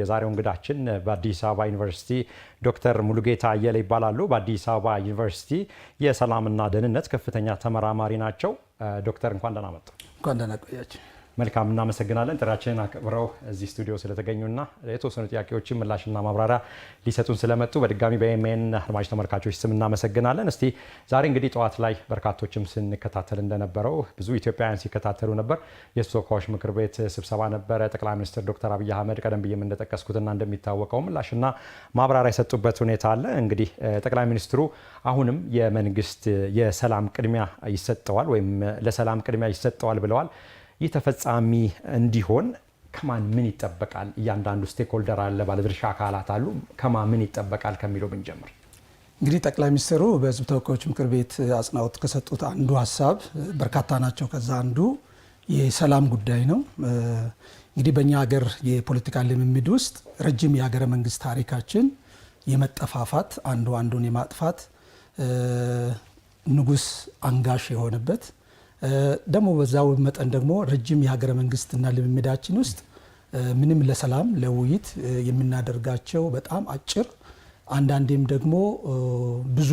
የዛሬው እንግዳችን በአዲስ አበባ ዩኒቨርሲቲ ዶክተር ሙሉጌታ አየለ ይባላሉ። በአዲስ አበባ ዩኒቨርሲቲ የሰላምና ደህንነት ከፍተኛ ተመራማሪ ናቸው። ዶክተር እንኳን ደህና መጡ። እንኳን ደህና ቆያችሁ። መልካም እናመሰግናለን። ጥሪያችንን አክብረው እዚህ ስቱዲዮ ስለተገኙና የተወሰኑ ጥያቄዎችን ምላሽና ማብራሪያ ሊሰጡን ስለመጡ በድጋሚ በኤሜን አድማጭ ተመልካቾች ስም እናመሰግናለን። እስቲ ዛሬ እንግዲህ ጠዋት ላይ በርካቶችም ስንከታተል እንደነበረው ብዙ ኢትዮጵያውያን ሲከታተሉ ነበር። የሕዝብ ምክር ቤት ስብሰባ ነበረ። ጠቅላይ ሚኒስትር ዶክተር አብይ አህመድ ቀደም ብዬም እንደጠቀስኩትና እንደሚታወቀው ምላሽና ማብራሪያ የሰጡበት ሁኔታ አለ። እንግዲህ ጠቅላይ ሚኒስትሩ አሁንም የመንግስት የሰላም ቅድሚያ ይሰጠዋል ወይም ለሰላም ቅድሚያ ይሰጠዋል ብለዋል። ይህ ተፈጻሚ እንዲሆን ከማን ምን ይጠበቃል? እያንዳንዱ ስቴክሆልደር አለ፣ ባለድርሻ አካላት አሉ። ከማን ምን ይጠበቃል ከሚለው ብንጀምር እንግዲህ ጠቅላይ ሚኒስትሩ በሕዝብ ተወካዮች ምክር ቤት አጽንኦት ከሰጡት አንዱ ሀሳብ በርካታ ናቸው። ከዛ አንዱ የሰላም ጉዳይ ነው። እንግዲህ በእኛ ሀገር የፖለቲካ ልምምድ ውስጥ ረጅም የሀገረ መንግስት ታሪካችን የመጠፋፋት አንዱ አንዱን የማጥፋት ንጉስ አንጋሽ የሆነበት ደግሞ በዛው መጠን ደግሞ ረጅም የሀገረ መንግስትና ልምምዳችን ውስጥ ምንም ለሰላም ለውይይት የምናደርጋቸው በጣም አጭር አንዳንዴም ደግሞ ብዙ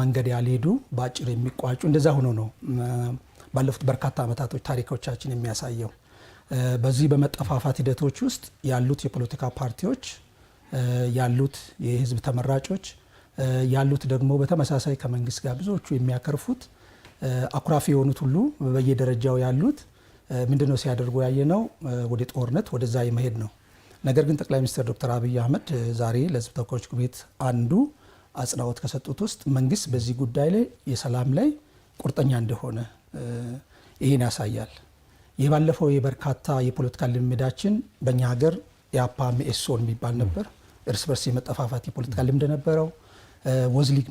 መንገድ ያልሄዱ በአጭር የሚቋጩ እንደዛ ሆኖ ነው ባለፉት በርካታ ዓመታቶች ታሪኮቻችን የሚያሳየው። በዚህ በመጠፋፋት ሂደቶች ውስጥ ያሉት የፖለቲካ ፓርቲዎች ያሉት የህዝብ ተመራጮች ያሉት ደግሞ በተመሳሳይ ከመንግስት ጋር ብዙዎቹ የሚያከርፉት አኩራፊ የሆኑት ሁሉ በየደረጃው ያሉት ምንድነው ሲያደርጉ ያየ ነው ወደ ጦርነት ወደዛ የመሄድ ነው። ነገር ግን ጠቅላይ ሚኒስትር ዶክተር አብይ አህመድ ዛሬ ለህዝብ ተወካዮች ምክር ቤት አንዱ አጽንኦት ከሰጡት ውስጥ መንግስት በዚህ ጉዳይ ላይ የሰላም ላይ ቁርጠኛ እንደሆነ ይህን ያሳያል። ይህ ባለፈው የበርካታ የፖለቲካ ልምዳችን በእኛ ሀገር የአፓ ሜኤሶን የሚባል ነበር። እርስ በርስ የመጠፋፋት የፖለቲካ ልምድ ነበረው። ወዝሊግ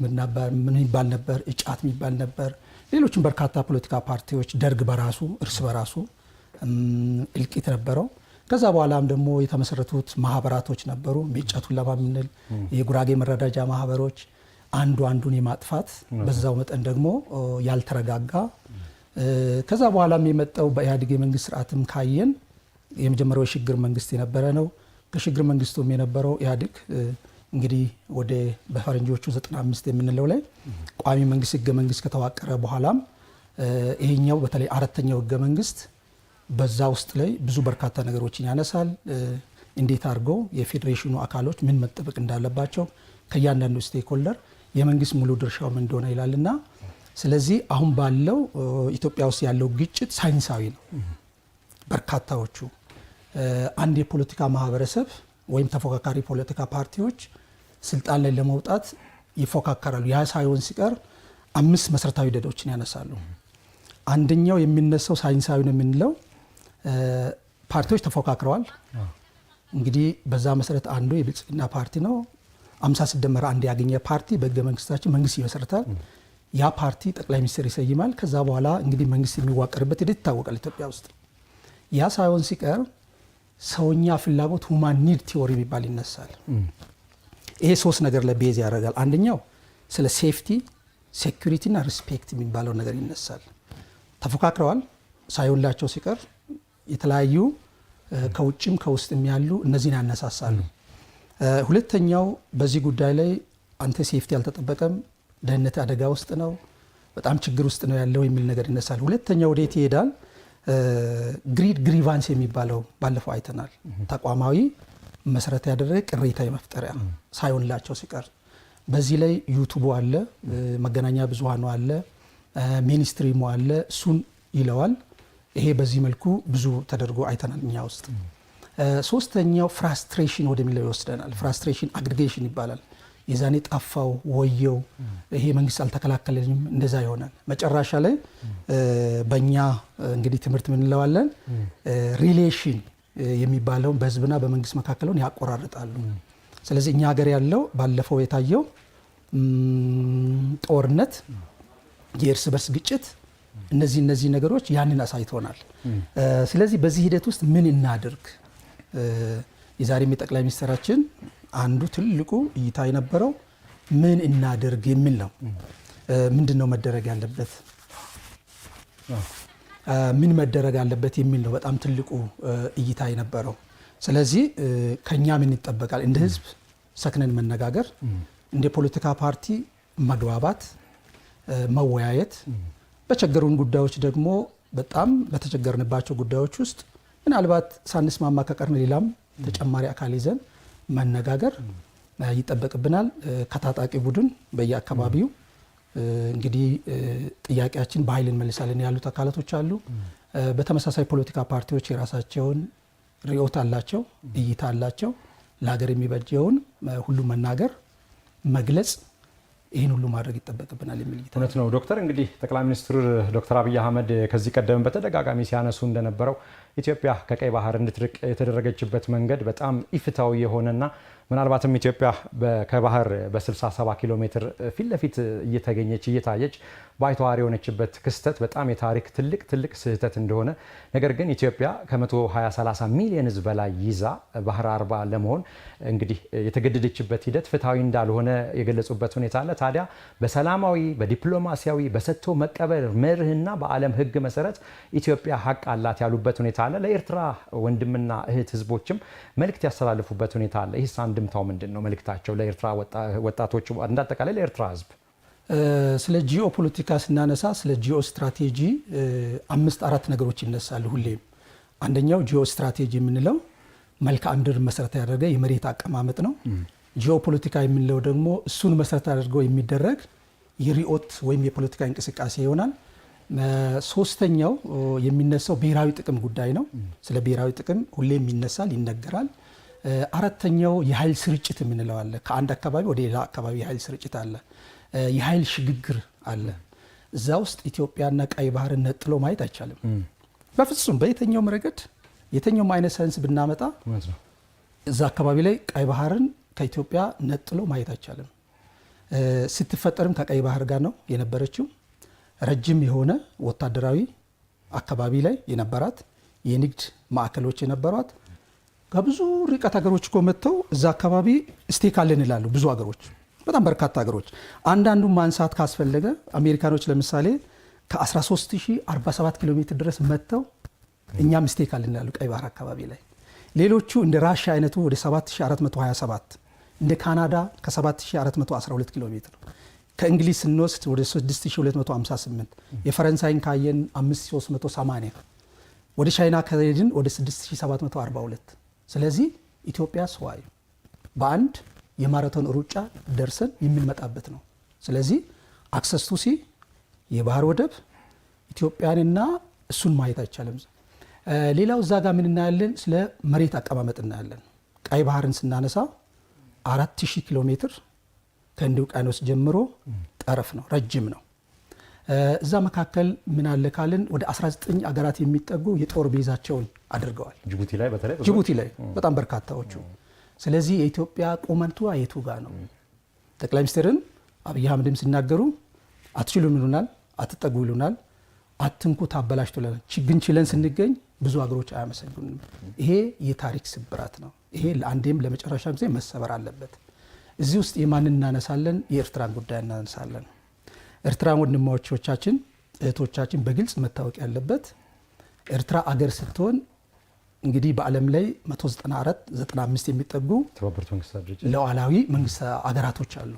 ምን ይባል ነበር፣ እጫት የሚባል ነበር ሌሎችም በርካታ ፖለቲካ ፓርቲዎች ደርግ በራሱ እርስ በራሱ እልቂት ነበረው። ከዛ በኋላም ደግሞ የተመሰረቱት ማህበራቶች ነበሩ። ሚጨቱን ለማምንል የጉራጌ መረዳጃ ማህበሮች አንዱ አንዱን የማጥፋት በዛው መጠን ደግሞ ያልተረጋጋ ከዛ በኋላም የመጣው በኢህአዴግ የመንግስት ስርዓትም ካየን የመጀመሪያው የሽግግር መንግስት የነበረ ነው። ከሽግግር መንግስቱም የነበረው ኢህአዴግ እንግዲህ ወደ በፈረንጆቹ 95 የምንለው ላይ ቋሚ መንግስት ህገ መንግስት ከተዋቀረ በኋላም ይሄኛው በተለይ አራተኛው ህገ መንግስት በዛ ውስጥ ላይ ብዙ በርካታ ነገሮችን ያነሳል። እንዴት አድርጎ የፌዴሬሽኑ አካሎች ምን መጠበቅ እንዳለባቸው ከእያንዳንዱ ስቴክሆልደር የመንግስት ሙሉ ድርሻውም እንደሆነ ይላልና ስለዚህ አሁን ባለው ኢትዮጵያ ውስጥ ያለው ግጭት ሳይንሳዊ ነው። በርካታዎቹ አንድ የፖለቲካ ማህበረሰብ ወይም ተፎካካሪ ፖለቲካ ፓርቲዎች ስልጣን ላይ ለመውጣት ይፎካከራሉ። ያ ሳይሆን ሲቀር አምስት መሰረታዊ ደዶችን ያነሳሉ። አንደኛው የሚነሳው ሳይንሳዊ ነው የምንለው ፓርቲዎች ተፎካክረዋል። እንግዲህ በዛ መሰረት አንዱ የብልጽግና ፓርቲ ነው። አምሳ ሲደመር አንድ ያገኘ ፓርቲ በህገ መንግስታችን መንግስት ይመሰረታል። ያ ፓርቲ ጠቅላይ ሚኒስትር ይሰይማል። ከዛ በኋላ እንግዲህ መንግስት የሚዋቀርበት ሂደት ይታወቃል ኢትዮጵያ ውስጥ። ያ ሳይሆን ሲቀር ሰውኛ ፍላጎት ሁማን ኒድ ቲዎሪ የሚባል ይነሳል። ይሄ ሶስት ነገር ላይ ቤዝ ያደርጋል። አንደኛው ስለ ሴፍቲ ሴኩሪቲ ሪስፔክት የሚባለው ነገር ይነሳል። ተፎካክረዋል ሳይሆንላቸው ሲቀር የተለያዩ ከውጭም ከውስጥም ያሉ እነዚህን ያነሳሳሉ። ሁለተኛው በዚህ ጉዳይ ላይ አንተ ሴፍቲ አልተጠበቀም፣ ደህንነት አደጋ ውስጥ ነው፣ በጣም ችግር ውስጥ ነው ያለው የሚል ነገር ይነሳል። ሁለተኛው ወዴት ይሄዳል? ግሪድ ግሪቫንስ የሚባለው ባለፈው አይተናል። ተቋማዊ መሰረት ያደረገ ቅሬታ የመፍጠሪያ ሳይሆንላቸው ሲቀር በዚህ ላይ ዩቱቡ አለ፣ መገናኛ ብዙሃኑ አለ፣ ሚኒስትሪሙ አለ፣ እሱን ይለዋል። ይሄ በዚህ መልኩ ብዙ ተደርጎ አይተናል እኛ ውስጥ። ሶስተኛው ፍራስትሬሽን ወደሚለው ይወስደናል። ፍራስትሬሽን አግሪጌሽን ይባላል። የዛኔ ጠፋው ወየው ይሄ መንግስት አልተከላከለኝም እንደዛ ይሆናል። መጨረሻ ላይ በእኛ እንግዲህ ትምህርት ምንለዋለን ሪሌሽን የሚባለውን በህዝብና በመንግስት መካከለውን ያቆራርጣሉ። ስለዚህ እኛ ሀገር ያለው ባለፈው የታየው ጦርነት፣ የእርስ በርስ ግጭት እነዚህ እነዚህ ነገሮች ያንን አሳይቶናል። ስለዚህ በዚህ ሂደት ውስጥ ምን እናድርግ? የዛሬም የጠቅላይ ሚኒስትራችን አንዱ ትልቁ እይታ የነበረው ምን እናደርግ የሚል ነው። ምንድን ነው መደረግ ያለበት፣ ምን መደረግ አለበት የሚል ነው በጣም ትልቁ እይታ የነበረው። ስለዚህ ከኛ ምን ይጠበቃል? እንደ ህዝብ ሰክነን መነጋገር፣ እንደ ፖለቲካ ፓርቲ መግባባት፣ መወያየት፣ በቸገሩን ጉዳዮች ደግሞ በጣም በተቸገርንባቸው ጉዳዮች ውስጥ ምናልባት ሳንስማማ ከቀርን ሌላም ተጨማሪ አካል ይዘን መነጋገር ይጠበቅብናል። ከታጣቂ ቡድን በየአካባቢው እንግዲህ ጥያቄያችን በኃይል እንመልሳለን ያሉት አካላቶች አሉ። በተመሳሳይ ፖለቲካ ፓርቲዎች የራሳቸውን ርዕዮት አላቸው፣ እይታ አላቸው። ለሀገር የሚበጀውን ሁሉ መናገር፣ መግለጽ ይህን ሁሉ ማድረግ ይጠበቅብናል የሚል እውነት ነው። ዶክተር እንግዲህ ጠቅላይ ሚኒስትር ዶክተር አብይ አህመድ ከዚህ ቀደም በተደጋጋሚ ሲያነሱ እንደነበረው ኢትዮጵያ ከቀይ ባህር እንድትርቅ የተደረገችበት መንገድ በጣም ኢፍታዊ የሆነና ምናልባትም ኢትዮጵያ ከባህር በ67 ኪሎ ሜትር ፊት ለፊት እየተገኘች እየታየች ባይተዋር የሆነችበት ክስተት በጣም የታሪክ ትልቅ ትልቅ ስህተት እንደሆነ ነገር ግን ኢትዮጵያ ከ120 ሚሊዮን ህዝብ በላይ ይዛ ባህር አርባ ለመሆን እንግዲህ የተገደደችበት ሂደት ፍትሐዊ እንዳልሆነ የገለጹበት ሁኔታ አለ። ታዲያ በሰላማዊ በዲፕሎማሲያዊ በሰጥቶ መቀበል መርህና በዓለም ህግ መሰረት ኢትዮጵያ ሀቅ አላት ያሉበት ሁኔታ እንዳለ ለኤርትራ ወንድምና እህት ህዝቦችም መልእክት ያስተላልፉበት ሁኔታ አለ። ይህስ አንድምታው ምንድን ነው? መልእክታቸው ለኤርትራ ወጣቶች፣ እንዳጠቃላይ ለኤርትራ ህዝብ ስለ ጂኦ ፖለቲካ ስናነሳ ስለ ጂኦ ስትራቴጂ አምስት አራት ነገሮች ይነሳሉ ሁሌም። አንደኛው ጂኦ ስትራቴጂ የምንለው መልክዓ ምድር መሰረት ያደረገ የመሬት አቀማመጥ ነው። ጂኦ ፖለቲካ የምንለው ደግሞ እሱን መሰረት አድርገው የሚደረግ የሪኦት ወይም የፖለቲካ እንቅስቃሴ ይሆናል። ሶስተኛው የሚነሳው ብሔራዊ ጥቅም ጉዳይ ነው። ስለ ብሔራዊ ጥቅም ሁሌም ይነሳል፣ ይነገራል። አራተኛው የኃይል ስርጭት የምንለው አለ። ከአንድ አካባቢ ወደ ሌላ አካባቢ የኃይል ስርጭት አለ፣ የኃይል ሽግግር አለ። እዛ ውስጥ ኢትዮጵያና ቀይ ባህርን ነጥሎ ማየት አይቻልም፣ በፍጹም በየትኛውም ረገድ የትኛውም አይነት ሳይንስ ብናመጣ እዛ አካባቢ ላይ ቀይ ባህርን ከኢትዮጵያ ነጥሎ ማየት አይቻልም። ስትፈጠርም ከቀይ ባህር ጋር ነው የነበረችው። ረጅም የሆነ ወታደራዊ አካባቢ ላይ የነበራት የንግድ ማዕከሎች የነበሯት ከብዙ ርቀት ሀገሮች እኮ መጥተው እዛ አካባቢ ስቴክ አለን ይላሉ። ብዙ ሀገሮች፣ በጣም በርካታ ሀገሮች። አንዳንዱ ማንሳት ካስፈለገ አሜሪካኖች ለምሳሌ ከ13047 ኪሎ ሜትር ድረስ መጥተው እኛም ስቴክ አለን ይላሉ ቀይ ባህር አካባቢ ላይ። ሌሎቹ እንደ ራሻ አይነቱ ወደ 7427 እንደ ካናዳ ከ7412 ኪሎ ሜትር ከእንግሊዝ ስንወስድ ወደ 6258 የፈረንሳይን ካየን 5380 ወደ ቻይና ከሄድን ወደ 6742 ስለዚህ ኢትዮጵያ ሰዋዩ በአንድ የማራቶን ሩጫ ደርሰን የምንመጣበት ነው። ስለዚህ አክሰስ ቱ ሲ የባህር ወደብ ኢትዮጵያንና እሱን ማየት አይቻልም። ሌላው እዛ ጋር ምን እናያለን? ስለ መሬት አቀማመጥ እናያለን። ቀይ ባህርን ስናነሳ 4000 ኪሎ ሜትር ከእንዲውቅያኖስ ጀምሮ ጠረፍ ነው፣ ረጅም ነው። እዛ መካከል ምን አለ ካልን ወደ 19 አገራት የሚጠጉ የጦር ቤዛቸውን አድርገዋል። ጅቡቲ ላይ በጣም በርካታዎቹ። ስለዚህ የኢትዮጵያ ቁመንቱ የቱ ጋ ነው? ጠቅላይ ሚኒስትርን አብይ አህመድም ሲናገሩ አትችሉም ይሉናል፣ አትጠጉ ይሉናል፣ አትንኩ ታበላሽቶ ይለናል። ችለን ስንገኝ ብዙ አገሮች አያመሰግኑንም። ይሄ የታሪክ ስብራት ነው። ይሄ ለአንዴም ለመጨረሻ ጊዜ መሰበር አለበት። እዚህ ውስጥ የማን እናነሳለን? የኤርትራን ጉዳይ እናነሳለን። ኤርትራ ወንድማዎቻችን፣ እህቶቻችን በግልጽ መታወቅ ያለበት ኤርትራ አገር ስትሆን እንግዲህ በዓለም ላይ 194 95 የሚጠጉ ሉዓላዊ መንግስት አገራቶች አሉ።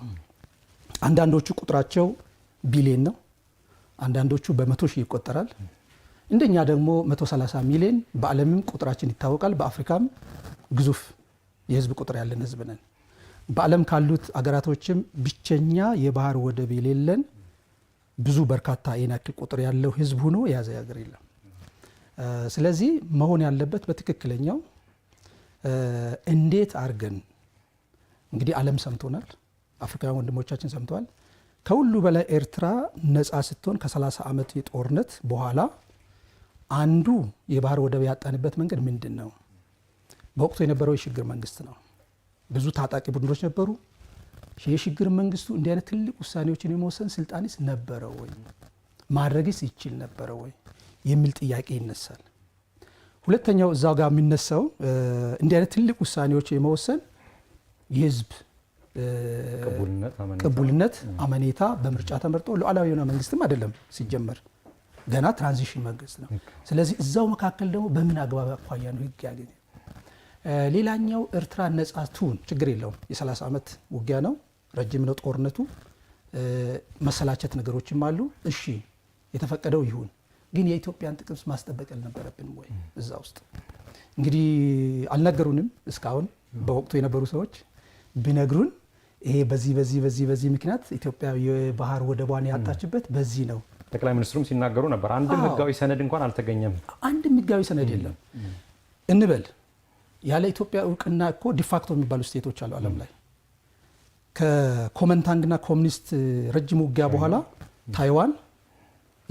አንዳንዶቹ ቁጥራቸው ቢሊዮን ነው። አንዳንዶቹ በመቶ ሺህ ይቆጠራል። እንደኛ ደግሞ 130 ሚሊዮን በዓለምም ቁጥራችን ይታወቃል። በአፍሪካም ግዙፍ የህዝብ ቁጥር ያለን ህዝብ ነን። በዓለም ካሉት አገራቶችም ብቸኛ የባህር ወደብ የሌለን ብዙ በርካታ የናክል ቁጥር ያለው ህዝብ ሆኖ የያዘ ሀገር የለም። ስለዚህ መሆን ያለበት በትክክለኛው እንዴት አድርገን እንግዲህ ዓለም ሰምቶናል፣ አፍሪካውያን ወንድሞቻችን ሰምተዋል። ከሁሉ በላይ ኤርትራ ነፃ ስትሆን ከ30 ዓመት የጦርነት በኋላ አንዱ የባህር ወደብ ያጣንበት መንገድ ምንድን ነው? በወቅቱ የነበረው የሽግግር መንግስት ነው። ብዙ ታጣቂ ቡድኖች ነበሩ። የሽግግር መንግስቱ እንዲህ አይነት ትልቅ ውሳኔዎችን የመወሰን ስልጣንስ ነበረ ወይ? ማድረግስ ይችል ነበረ ወይ የሚል ጥያቄ ይነሳል። ሁለተኛው እዛው ጋር የሚነሳው እንዲህ አይነት ትልቅ ውሳኔዎች የመወሰን የህዝብ ቅቡልነት አመኔታ በምርጫ ተመርጦ ሉዓላዊ የሆነ መንግስትም አይደለም ሲጀመር ገና ትራንዚሽን መንግስት ነው። ስለዚህ እዛው መካከል ደግሞ በምን አግባብ አኳያ ነው ህግ ያገኘ ሌላኛው ኤርትራ ነጻ ትሁን ችግር የለውም። የ30 ዓመት ውጊያ ነው፣ ረጅም ነው ጦርነቱ። መሰላቸት ነገሮችም አሉ። እሺ የተፈቀደው ይሁን፣ ግን የኢትዮጵያን ጥቅምስ ማስጠበቅ አልነበረብንም ወይ? እዛ ውስጥ እንግዲህ አልነገሩንም እስካሁን። በወቅቱ የነበሩ ሰዎች ቢነግሩን ይሄ በዚህ በዚህ በዚህ በዚህ ምክንያት ኢትዮጵያ የባህር ወደቧን ያጣችበት በዚህ ነው። ጠቅላይ ሚኒስትሩም ሲናገሩ ነበር። አንድም ህጋዊ ሰነድ እንኳን አልተገኘም። አንድም ህጋዊ ሰነድ የለም እንበል ያለ ኢትዮጵያ እውቅና እኮ ዲፋክቶ የሚባሉ ስቴቶች አሉ ዓለም ላይ ከኮመንታንግና ኮሚኒስት ረጅም ውጊያ በኋላ ታይዋን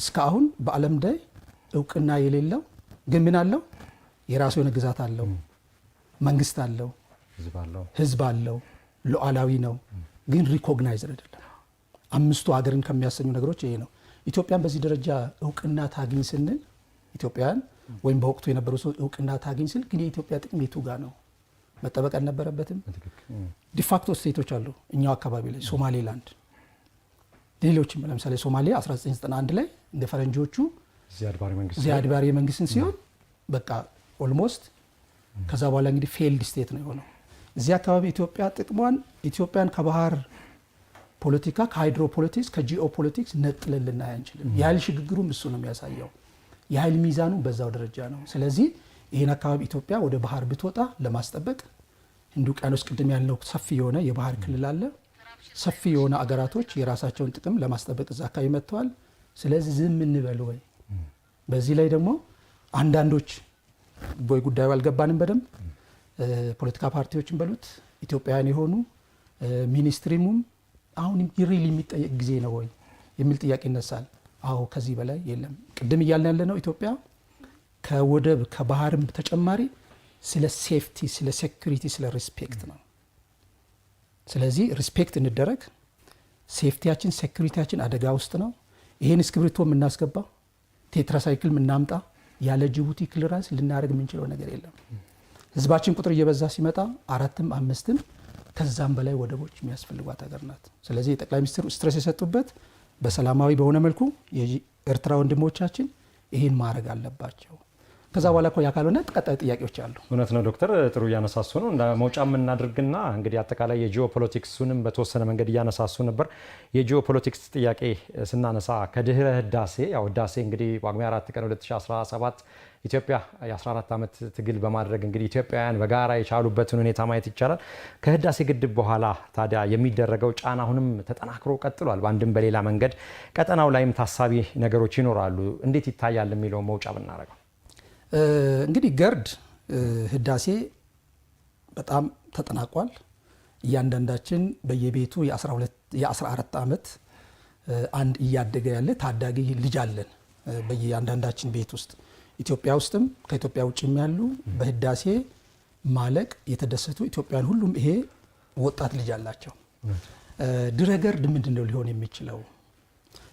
እስከ አሁን በዓለም ላይ እውቅና የሌለው ግን ምን አለው? የራሱ የሆነ ግዛት አለው፣ መንግስት አለው፣ ህዝብ አለው፣ ሉዓላዊ ነው። ግን ሪኮግናይዝ አይደለም። አምስቱ ሀገርን ከሚያሰኙ ነገሮች ይሄ ነው። ኢትዮጵያን በዚህ ደረጃ እውቅና ታግኝ ስንል ኢትዮጵያን ወይም በወቅቱ የነበሩ ሰው እውቅና ታገኝ ስል ግን የኢትዮጵያ ጥቅም የቱ ነው? መጠበቅ አልነበረበትም። ዲፋክቶ ስቴቶች አሉ እኛው አካባቢ ላይ ሶማሌላንድ፣ ሌሎችም ለምሳሌ ሶማሌ 1991 ላይ እንደ ፈረንጆቹ ዚያድ ባሬ መንግስትን ሲሆን በቃ ኦልሞስት ከዛ በኋላ እንግዲህ ፌልድ ስቴት ነው የሆነው። እዚህ አካባቢ ኢትዮጵያ ጥቅሟን ኢትዮጵያን ከባህር ፖለቲካ ከሃይድሮ ፖለቲክስ ከጂኦ ፖለቲክስ ነጥለን ልናይ አንችልም። የኃይል ሽግግሩም እሱ ነው የሚያሳየው። የኃይል ሚዛኑ በዛው ደረጃ ነው። ስለዚህ ይህን አካባቢ ኢትዮጵያ ወደ ባህር ብትወጣ ለማስጠበቅ ህንድ ውቅያኖስ ቅድም ያለው ሰፊ የሆነ የባህር ክልል አለ። ሰፊ የሆነ አገራቶች የራሳቸውን ጥቅም ለማስጠበቅ እዛ አካባቢ መጥተዋል። ስለዚህ ዝም እንበል ወይ? በዚህ ላይ ደግሞ አንዳንዶች ወይ ጉዳዩ አልገባንም በደንብ ፖለቲካ ፓርቲዎችን በሉት ኢትዮጵያውያን የሆኑ ሚኒስትሪሙም አሁን ሪል የሚጠየቅ ጊዜ ነው ወይ የሚል ጥያቄ ይነሳል። አዎ ከዚህ በላይ የለም። ቅድም እያልን ያለ ነው ኢትዮጵያ ከወደብ ከባህርም ተጨማሪ ስለ ሴፍቲ፣ ስለ ሴኩሪቲ፣ ስለ ሪስፔክት ነው። ስለዚህ ሪስፔክት እንደረግ። ሴፍቲያችን፣ ሴኩሪቲያችን አደጋ ውስጥ ነው። ይሄን እስክብሪቶ የምናስገባ ቴትራሳይክል የምናምጣ ያለ ጅቡቲ ክሊራንስ ልናደርግ የምንችለው ነገር የለም። ህዝባችን ቁጥር እየበዛ ሲመጣ አራትም አምስትም ከዛም በላይ ወደቦች የሚያስፈልጓት ሀገር ናት። ስለዚህ የጠቅላይ ሚኒስትሩ ስትረስ የሰጡበት በሰላማዊ በሆነ መልኩ የኤርትራ ወንድሞቻችን ይህን ማድረግ አለባቸው። ከዛ በኋላ እኮ ያ ካልሆነ ቀጣይ ጥያቄዎች አሉ። እውነት ነው ዶክተር ጥሩ እያነሳሱ ነው። መውጫ የምናደርግና እንግዲህ አጠቃላይ የጂኦ በተወሰነ መንገድ እያነሳሱ ነበር። የጂኦፖለቲክስ ጥያቄ ስናነሳ ከድህረ ህዳሴ ያው ህዳሴ እንግዲህ ጳጉሜ 4 ቀን 2017 ኢትዮጵያ የ14 ዓመት ትግል በማድረግ እንግዲህ ኢትዮጵያውያን በጋራ የቻሉበትን ሁኔታ ማየት ይቻላል። ከህዳሴ ግድብ በኋላ ታዲያ የሚደረገው ጫና አሁንም ተጠናክሮ ቀጥሏል። በአንድም በሌላ መንገድ ቀጠናው ላይም ታሳቢ ነገሮች ይኖራሉ። እንዴት ይታያል የሚለው መውጫ ብናረገው እንግዲህ ገርድ ህዳሴ በጣም ተጠናቋል። እያንዳንዳችን በየቤቱ የ14 ዓመት አንድ እያደገ ያለ ታዳጊ ልጅ አለን በየአንዳንዳችን ቤት ውስጥ ኢትዮጵያ ውስጥም ከኢትዮጵያ ውጭም ያሉ በህዳሴ ማለቅ የተደሰቱ ኢትዮጵያውያን ሁሉም ይሄ ወጣት ልጅ አላቸው። ድረ ገርድ ምንድን ነው ሊሆን የሚችለው?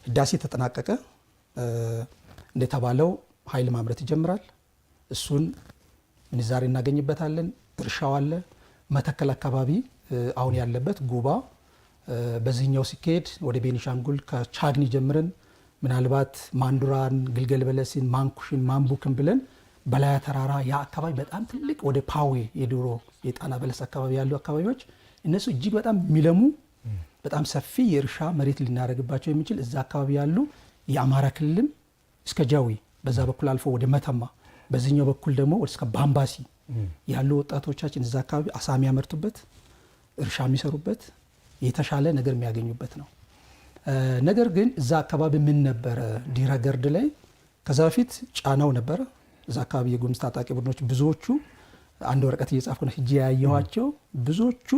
ህዳሴ ተጠናቀቀ። እንደተባለው ኃይል ማምረት ይጀምራል። እሱን ምንዛሬ እናገኝበታለን። እርሻው አለ። መተከል አካባቢ አሁን ያለበት ጉባ፣ በዚህኛው ሲካሄድ ወደ ቤኒሻንጉል ከቻግኒ ጀምረን ምናልባት ማንዱራን፣ ግልገል በለስን ማንኩሽን፣ ማንቡክን ብለን በላያ ተራራ ያ አካባቢ በጣም ትልቅ ወደ ፓዌ የድሮ የጣና በለስ አካባቢ ያሉ አካባቢዎች እነሱ እጅግ በጣም የሚለሙ በጣም ሰፊ የእርሻ መሬት ልናደርግባቸው የሚችል እዛ አካባቢ ያሉ የአማራ ክልልም እስከ ጃዊ በዛ በኩል አልፎ ወደ መተማ በዚህኛው በኩል ደግሞ እስከ ባምባሲ ያሉ ወጣቶቻችን እዛ አካባቢ አሳ የሚያመርቱበት እርሻ የሚሰሩበት የተሻለ ነገር የሚያገኙበት ነው። ነገር ግን እዛ አካባቢ ምን ነበረ? ዲረገርድ ላይ ከዛ በፊት ጫናው ነበረ። እዛ አካባቢ የጉምዝ ታጣቂ ቡድኖች ብዙዎቹ አንድ ወረቀት እየጻፍኩ ነው እጅ ያየኋቸው ብዙዎቹ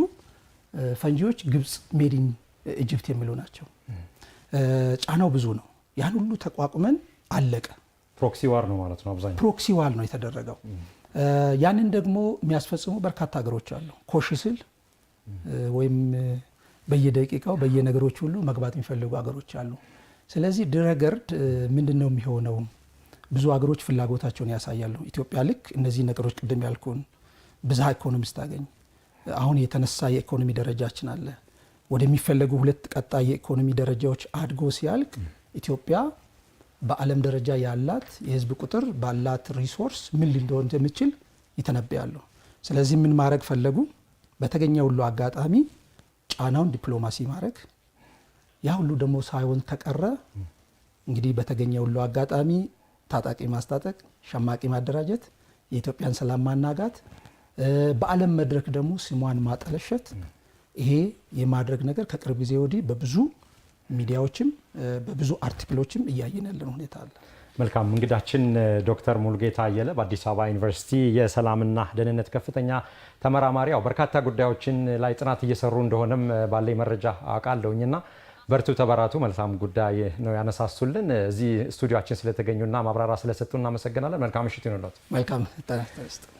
ፈንጂዎች ግብፅ ሜዲን ኢጅፕት የሚሉ ናቸው። ጫናው ብዙ ነው። ያን ሁሉ ተቋቁመን አለቀ። ፕሮክሲ ዋር ነው ማለት ነው። አብዛኛው ፕሮክሲ ዋር ነው የተደረገው። ያንን ደግሞ የሚያስፈጽሙ በርካታ ሀገሮች አሉ። ኮሽ ስል ወይም በየደቂቃው በየነገሮች ሁሉ መግባት የሚፈልጉ ሀገሮች አሉ። ስለዚህ ድረገርድ ምንድን ነው የሚሆነው? ብዙ ሀገሮች ፍላጎታቸውን ያሳያሉ። ኢትዮጵያ ልክ እነዚህ ነገሮች ቅድም ያልኩን ብዝሃ ኢኮኖሚ ስታገኝ አሁን የተነሳ የኢኮኖሚ ደረጃችን አለ ወደሚፈለጉ ሁለት ቀጣይ የኢኮኖሚ ደረጃዎች አድጎ ሲያልቅ ኢትዮጵያ በዓለም ደረጃ ያላት የህዝብ ቁጥር ባላት ሪሶርስ ምን ሊንደሆን እንደምችል ይተነብያሉ። ስለዚህ ምን ማድረግ ፈለጉ? በተገኘ ሁሉ አጋጣሚ ጫናውን ዲፕሎማሲ ማድረግ፣ ያ ሁሉ ደግሞ ሳይሆን ተቀረ እንግዲህ በተገኘ ሁሉ አጋጣሚ ታጣቂ ማስታጠቅ፣ ሸማቂ ማደራጀት፣ የኢትዮጵያን ሰላም ማናጋት፣ በዓለም መድረክ ደግሞ ስሟን ማጠለሸት፣ ይሄ የማድረግ ነገር ከቅርብ ጊዜ ወዲህ በብዙ ሚዲያዎችም በብዙ አርቲክሎችም እያየን ያለን ሁኔታ አለ። መልካም እንግዳችን ዶክተር ሙሉጌታ አየለ በአዲስ አበባ ዩኒቨርሲቲ የሰላምና ደህንነት ከፍተኛ ተመራማሪ፣ ያው በርካታ ጉዳዮችን ላይ ጥናት እየሰሩ እንደሆነም ባለኝ መረጃ አውቃለሁኝና በርቱ፣ ተበራቱ። መልካም ጉዳይ ነው ያነሳሱልን። እዚህ ስቱዲዮችን ስለተገኙና ማብራሪያ ስለሰጡ እናመሰግናለን። መልካም ምሽት ይኑሎት። መልካም